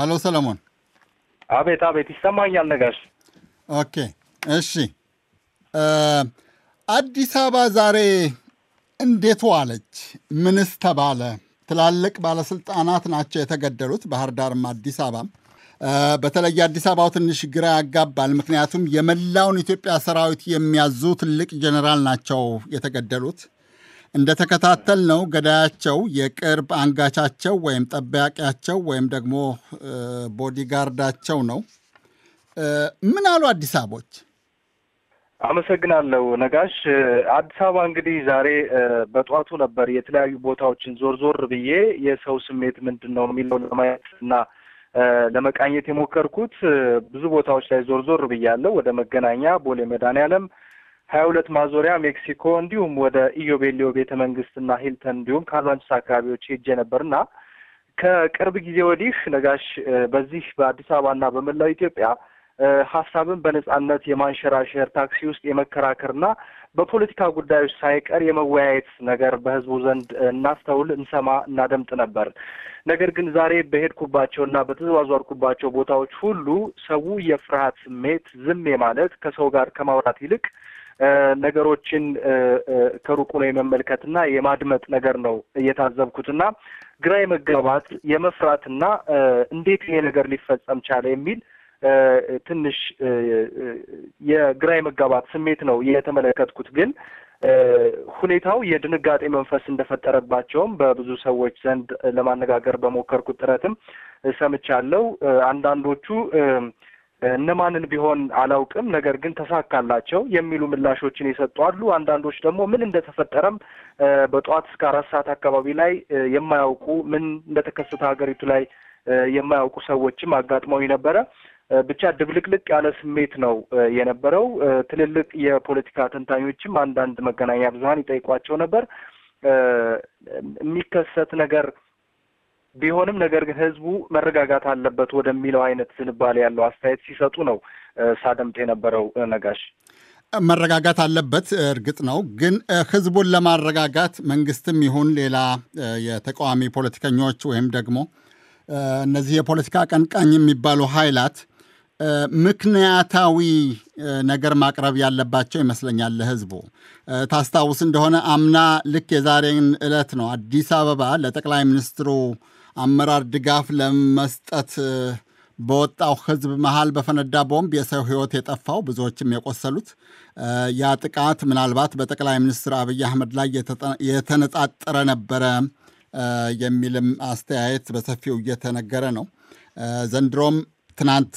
ሀሎ ሰለሞን። አቤት አቤት፣ ይሰማኛል ነጋሽ። ኦኬ እሺ፣ አዲስ አበባ ዛሬ እንዴት ዋለች? ምንስ ተባለ? ትላልቅ ባለስልጣናት ናቸው የተገደሉት፣ ባህር ዳርም አዲስ አበባም። በተለይ አዲስ አበባው ትንሽ ግራ ያጋባል። ምክንያቱም የመላውን ኢትዮጵያ ሰራዊት የሚያዙ ትልቅ ጀኔራል ናቸው የተገደሉት። እንደተከታተልነው ገዳያቸው የቅርብ አንጋቻቸው ወይም ጠባቂያቸው ወይም ደግሞ ቦዲጋርዳቸው ነው። ምን አሉ አዲስ አበቦች? አመሰግናለሁ ነጋሽ። አዲስ አበባ እንግዲህ ዛሬ በጠዋቱ ነበር የተለያዩ ቦታዎችን ዞር ዞር ብዬ የሰው ስሜት ምንድን ነው የሚለው ለማየት እና ለመቃኘት የሞከርኩት ብዙ ቦታዎች ላይ ዞር ዞር ብያለሁ። ወደ መገናኛ፣ ቦሌ መድኃኔዓለም ሀያ ሁለት ማዞሪያ ሜክሲኮ እንዲሁም ወደ ኢዮቤልዮ ቤተ መንግስትና ሂልተን እንዲሁም ካዛንቺስ አካባቢዎች ሄጄ ነበርና ከቅርብ ጊዜ ወዲህ ነጋሽ በዚህ በአዲስ አበባና በመላው ኢትዮጵያ ሀሳብን በነጻነት የማንሸራሸር ታክሲ ውስጥ የመከራከርና በፖለቲካ ጉዳዮች ሳይቀር የመወያየት ነገር በህዝቡ ዘንድ እናስተውል፣ እንሰማ፣ እናደምጥ ነበር። ነገር ግን ዛሬ በሄድኩባቸውና በተዘዋዟርኩባቸው ቦታዎች ሁሉ ሰው የፍርሃት ስሜት ዝም ማለት ከሰው ጋር ከማውራት ይልቅ ነገሮችን ከሩቁ ነው የመመልከትና የማድመጥ ነገር ነው እየታዘብኩትና ግራ የመጋባት የመፍራትና እንዴት ይሄ ነገር ሊፈጸም ቻለ የሚል ትንሽ የግራ የመጋባት ስሜት ነው የተመለከትኩት። ግን ሁኔታው የድንጋጤ መንፈስ እንደፈጠረባቸውም በብዙ ሰዎች ዘንድ ለማነጋገር በሞከርኩት ጥረትም ሰምቻለሁ። አንዳንዶቹ እነማንን ቢሆን አላውቅም፣ ነገር ግን ተሳካላቸው የሚሉ ምላሾችን የሰጡ አሉ። አንዳንዶች ደግሞ ምን እንደተፈጠረም በጠዋት እስከ አራት ሰዓት አካባቢ ላይ የማያውቁ ምን እንደተከሰተ ሀገሪቱ ላይ የማያውቁ ሰዎችም አጋጥመው ነበረ። ብቻ ድብልቅልቅ ያለ ስሜት ነው የነበረው። ትልልቅ የፖለቲካ ተንታኞችም አንዳንድ መገናኛ ብዙኃን ይጠይቋቸው ነበር የሚከሰት ነገር ቢሆንም ነገር ግን ህዝቡ መረጋጋት አለበት ወደሚለው አይነት ዝንባሌ ያለው አስተያየት ሲሰጡ ነው ሳደምጥ የነበረው። ነጋሽ መረጋጋት አለበት እርግጥ ነው፣ ግን ህዝቡን ለማረጋጋት መንግስትም ይሁን ሌላ የተቃዋሚ ፖለቲከኞች ወይም ደግሞ እነዚህ የፖለቲካ አቀንቃኝ የሚባሉ ኃይላት ምክንያታዊ ነገር ማቅረብ ያለባቸው ይመስለኛል ለህዝቡ። ታስታውስ እንደሆነ አምና ልክ የዛሬን ዕለት ነው አዲስ አበባ ለጠቅላይ ሚኒስትሩ አመራር ድጋፍ ለመስጠት በወጣው ህዝብ መሃል በፈነዳ ቦምብ የሰው ህይወት የጠፋው ብዙዎችም የቆሰሉት ያ ጥቃት ምናልባት በጠቅላይ ሚኒስትር አብይ አህመድ ላይ የተነጣጠረ ነበረ የሚልም አስተያየት በሰፊው እየተነገረ ነው። ዘንድሮም ትናንት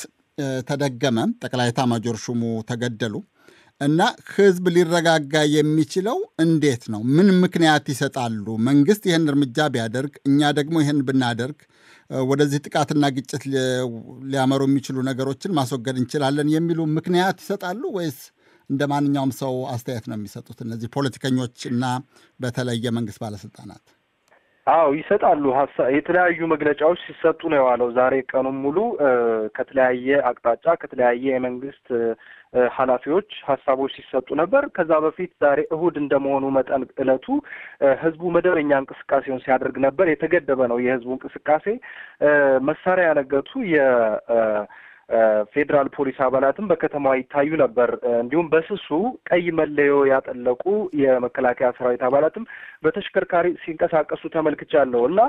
ተደገመ። ጠቅላይ ኤታማዦር ሹሙ ተገደሉ። እና ህዝብ ሊረጋጋ የሚችለው እንዴት ነው? ምን ምክንያት ይሰጣሉ? መንግስት ይህን እርምጃ ቢያደርግ፣ እኛ ደግሞ ይህን ብናደርግ ወደዚህ ጥቃትና ግጭት ሊያመሩ የሚችሉ ነገሮችን ማስወገድ እንችላለን የሚሉ ምክንያት ይሰጣሉ ወይስ እንደ ማንኛውም ሰው አስተያየት ነው የሚሰጡት እነዚህ ፖለቲከኞች እና በተለይ የመንግስት ባለስልጣናት? አዎ ይሰጣሉ። ሀሳብ የተለያዩ መግለጫዎች ሲሰጡ ነው የዋለው። ዛሬ ቀኑን ሙሉ ከተለያየ አቅጣጫ ከተለያየ የመንግስት ኃላፊዎች ሀሳቦች ሲሰጡ ነበር። ከዛ በፊት ዛሬ እሁድ እንደመሆኑ መጠን እለቱ ህዝቡ መደበኛ እንቅስቃሴውን ሲያደርግ ነበር። የተገደበ ነው የህዝቡ እንቅስቃሴ መሳሪያ ያነገቱ የ ፌዴራል ፖሊስ አባላትም በከተማዋ ይታዩ ነበር። እንዲሁም በስሱ ቀይ መለዮ ያጠለቁ የመከላከያ ሰራዊት አባላትም በተሽከርካሪ ሲንቀሳቀሱ ተመልክቻለሁ እና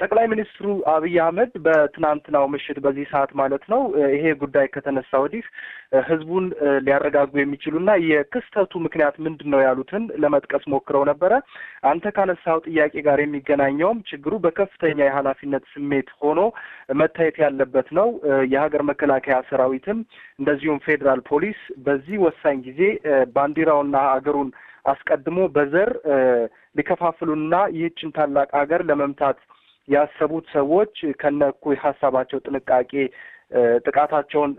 ጠቅላይ ሚኒስትሩ አብይ አህመድ በትናንትናው ምሽት በዚህ ሰዓት ማለት ነው ይሄ ጉዳይ ከተነሳ ወዲህ ህዝቡን ሊያረጋጉ የሚችሉና የክስተቱ ምክንያት ምንድን ነው ያሉትን ለመጥቀስ ሞክረው ነበረ። አንተ ካነሳው ጥያቄ ጋር የሚገናኘውም ችግሩ በከፍተኛ የኃላፊነት ስሜት ሆኖ መታየት ያለበት ነው የሀገር መከ መከላከያ ሰራዊትም እንደዚሁም ፌዴራል ፖሊስ በዚህ ወሳኝ ጊዜ ባንዲራውና ሀገሩን አስቀድሞ በዘር ሊከፋፍሉና ይህችን ታላቅ ሀገር ለመምታት ያሰቡት ሰዎች ከነኩ እኩይ ሀሳባቸው ጥንቃቄ ጥቃታቸውን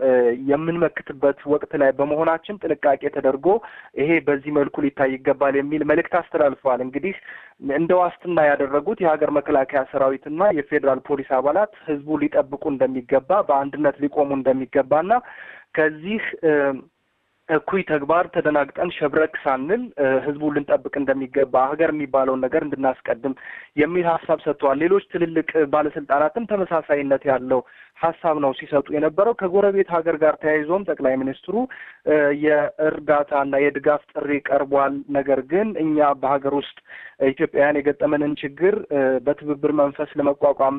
የምንመክትበት ወቅት ላይ በመሆናችን ጥንቃቄ ተደርጎ ይሄ በዚህ መልኩ ሊታይ ይገባል የሚል መልእክት አስተላልፈዋል። እንግዲህ እንደ ዋስትና ያደረጉት የሀገር መከላከያ ሰራዊትና የፌዴራል ፖሊስ አባላት ህዝቡ ሊጠብቁ እንደሚገባ፣ በአንድነት ሊቆሙ እንደሚገባና ከዚህ እኩይ ተግባር ተደናግጠን ሸብረክ ሳንል ህዝቡ ልንጠብቅ እንደሚገባ ሀገር የሚባለውን ነገር እንድናስቀድም የሚል ሀሳብ ሰጥተዋል። ሌሎች ትልልቅ ባለስልጣናትም ተመሳሳይነት ያለው ሀሳብ ነው ሲሰጡ የነበረው። ከጎረቤት ሀገር ጋር ተያይዞም ጠቅላይ ሚኒስትሩ የእርዳታና የድጋፍ ጥሪ ቀርቧል። ነገር ግን እኛ በሀገር ውስጥ ኢትዮጵያውያን የገጠመንን ችግር በትብብር መንፈስ ለመቋቋም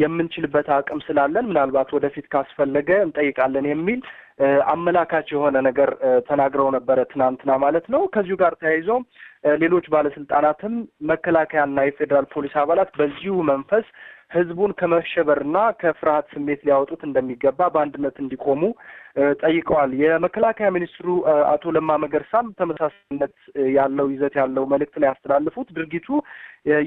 የምንችልበት አቅም ስላለን ምናልባት ወደፊት ካስፈለገ እንጠይቃለን የሚል አመላካች የሆነ ነገር ተናግረው ነበረ ትናንትና ማለት ነው። ከዚሁ ጋር ተያይዞ ሌሎች ባለስልጣናትም መከላከያና የፌዴራል ፖሊስ አባላት በዚሁ መንፈስ ህዝቡን ከመሸበርና ከፍርሃት ስሜት ሊያወጡት እንደሚገባ በአንድነት እንዲቆሙ ጠይቀዋል። የመከላከያ ሚኒስትሩ አቶ ለማ መገርሳም ተመሳሳይነት ያለው ይዘት ያለው መልእክት ላይ ያስተላልፉት ድርጊቱ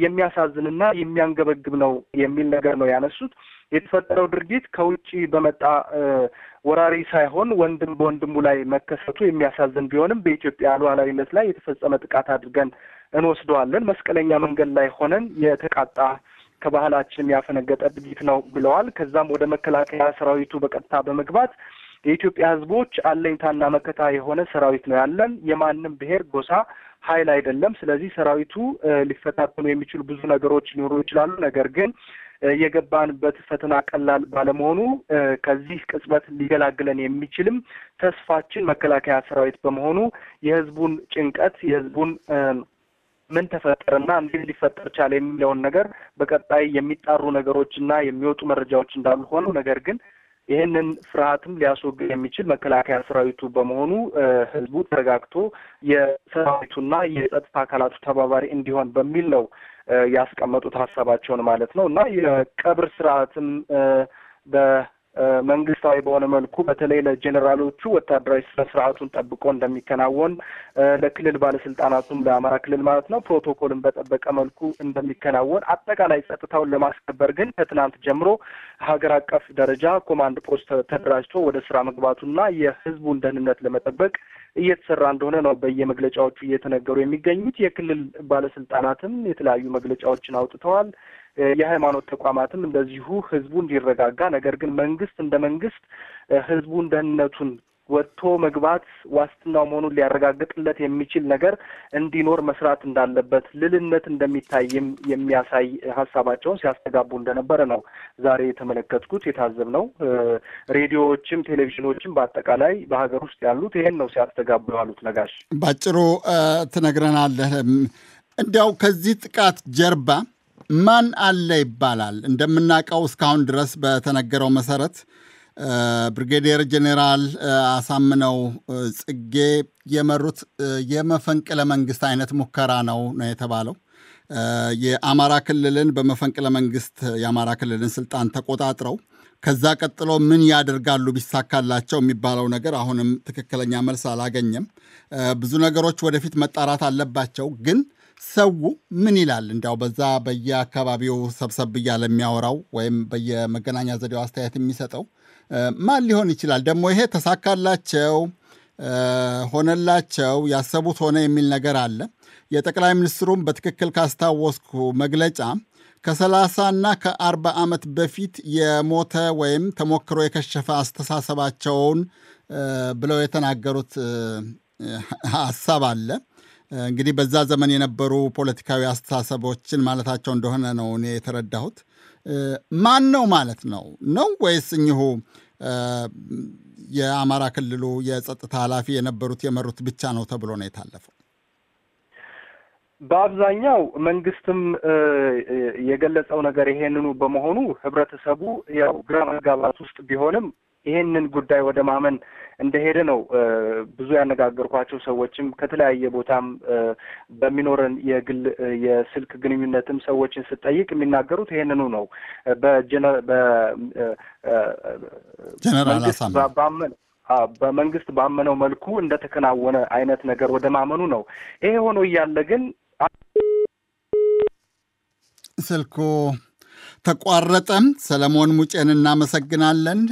የሚያሳዝንና የሚያንገበግብ ነው የሚል ነገር ነው ያነሱት። የተፈጠረው ድርጊት ከውጭ በመጣ ወራሪ ሳይሆን ወንድም በወንድሙ ላይ መከሰቱ የሚያሳዝን ቢሆንም በኢትዮጵያ ሉዓላዊነት ላይ የተፈጸመ ጥቃት አድርገን እንወስደዋለን። መስቀለኛ መንገድ ላይ ሆነን የተቃጣ ከባህላችን ያፈነገጠ ድርጊት ነው ብለዋል። ከዛም ወደ መከላከያ ሰራዊቱ በቀጥታ በመግባት የኢትዮጵያ ሕዝቦች አለኝታና መከታ የሆነ ሰራዊት ነው ያለን። የማንም ብሔር ጎሳ ኃይል አይደለም። ስለዚህ ሰራዊቱ ሊፈታተኑ የሚችሉ ብዙ ነገሮች ሊኖሩ ይችላሉ። ነገር ግን የገባንበት ፈተና ቀላል ባለመሆኑ ከዚህ ቅጽበት ሊገላግለን የሚችልም ተስፋችን መከላከያ ሰራዊት በመሆኑ የህዝቡን ጭንቀት የህዝቡን ምን ተፈጠረና እንዴት ሊፈጠር ቻለ የሚለውን ነገር በቀጣይ የሚጣሩ ነገሮችና የሚወጡ መረጃዎች እንዳሉ ሆነው ነገር ግን ይህንን ፍርሃትም ሊያስወግድ የሚችል መከላከያ ሰራዊቱ በመሆኑ ህዝቡ ተረጋግቶ የሰራዊቱና የጸጥታ አካላቱ ተባባሪ እንዲሆን በሚል ነው ያስቀመጡት ሀሳባቸውን ማለት ነው እና የቀብር ስርዓትም በ መንግስታዊ በሆነ መልኩ በተለይ ለጄኔራሎቹ ወታደራዊ ስነ ስርዓቱን ጠብቆ እንደሚከናወን ለክልል ባለስልጣናቱም ለአማራ ክልል ማለት ነው ፕሮቶኮልን በጠበቀ መልኩ እንደሚከናወን አጠቃላይ ጸጥታውን ለማስከበር ግን ከትናንት ጀምሮ ሀገር አቀፍ ደረጃ ኮማንድ ፖስት ተደራጅቶ ወደ ስራ መግባቱና የህዝቡን ደህንነት ለመጠበቅ እየተሰራ እንደሆነ ነው በየመግለጫዎቹ እየተነገሩ የሚገኙት። የክልል ባለስልጣናትም የተለያዩ መግለጫዎችን አውጥተዋል። የሃይማኖት ተቋማትም እንደዚሁ ህዝቡ እንዲረጋጋ፣ ነገር ግን መንግስት እንደ መንግስት ህዝቡን ደህንነቱን ወጥቶ መግባት ዋስትናው መሆኑን ሊያረጋግጥለት የሚችል ነገር እንዲኖር መስራት እንዳለበት ልልነት እንደሚታይም የሚያሳይ ሀሳባቸውን ሲያስተጋቡ እንደነበረ ነው ዛሬ የተመለከትኩት የታዘብነው። ሬዲዮዎችም ቴሌቪዥኖችም በአጠቃላይ በሀገር ውስጥ ያሉት ይሄን ነው ሲያስተጋቡ የዋሉት። ነጋሽ ባጭሩ ትነግረናለህ። እንዲያው ከዚህ ጥቃት ጀርባ ማን አለ ይባላል? እንደምናውቀው እስካሁን ድረስ በተነገረው መሰረት ብርጌዲየር ጄኔራል አሳምነው ጽጌ የመሩት የመፈንቅለ መንግስት አይነት ሙከራ ነው ነው የተባለው። የአማራ ክልልን በመፈንቅለ መንግስት የአማራ ክልልን ስልጣን ተቆጣጥረው ከዛ ቀጥሎ ምን ያደርጋሉ ቢሳካላቸው የሚባለው ነገር አሁንም ትክክለኛ መልስ አላገኘም። ብዙ ነገሮች ወደፊት መጣራት አለባቸው። ግን ሰው ምን ይላል እንዲያው በዛ በየአካባቢው ሰብሰብ እያለ የሚያወራው ወይም በየመገናኛ ዘዴው አስተያየት የሚሰጠው ማን ሊሆን ይችላል? ደግሞ ይሄ ተሳካላቸው ሆነላቸው ያሰቡት ሆነ የሚል ነገር አለ። የጠቅላይ ሚኒስትሩም በትክክል ካስታወስኩ መግለጫ ከሰላሳና ከአርባ ዓመት በፊት የሞተ ወይም ተሞክሮ የከሸፈ አስተሳሰባቸውን ብለው የተናገሩት ሀሳብ አለ። እንግዲህ በዛ ዘመን የነበሩ ፖለቲካዊ አስተሳሰቦችን ማለታቸው እንደሆነ ነው እኔ የተረዳሁት። ማን ነው ማለት ነው ነው ወይስ እኚሁ የአማራ ክልሉ የጸጥታ ኃላፊ የነበሩት የመሩት ብቻ ነው ተብሎ ነው የታለፈው። በአብዛኛው መንግስትም የገለጸው ነገር ይሄንኑ በመሆኑ ህብረተሰቡ ያው ግራ መጋባት ውስጥ ቢሆንም ይሄንን ጉዳይ ወደ ማመን እንደሄደ ነው ብዙ ያነጋገርኳቸው ሰዎችም ከተለያየ ቦታም በሚኖረን የግል የስልክ ግንኙነትም ሰዎችን ስጠይቅ የሚናገሩት ይሄንኑ ነው። በጀነራል በመንግስት ባመነው መልኩ እንደተከናወነ አይነት ነገር ወደ ማመኑ ነው። ይሄ ሆኖ እያለ ግን ስልኩ ተቋረጠም። ሰለሞን ሙጬን እናመሰግናለን።